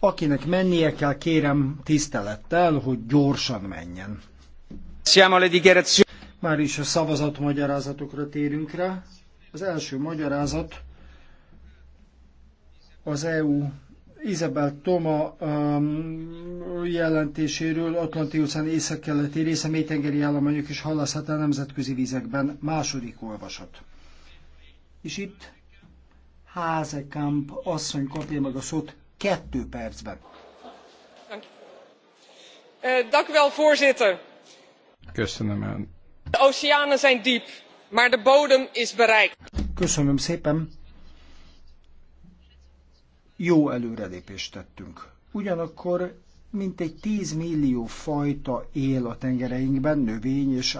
Akinek mennie kell, kérem tisztelettel, hogy gyorsan menjen. Már is a szavazat magyarázatokra térünk rá. Az első magyarázat az EU Isabel Toma um, jelentéséről Atlanti óceán északkeleti része mélytengeri államanyag és halászata nemzetközi vizekben második olvasat. És itt Házekamp asszony kapja meg a szót kettő percben. Eh, dank u wel, voorzitter. Köszönöm el. De oceanen zijn diep, maar de bodem is bereikt. Köszönöm szépen. Jó előrelépést tettünk. Ugyanakkor mintegy 10 millió fajta él a tengereinkben, növény és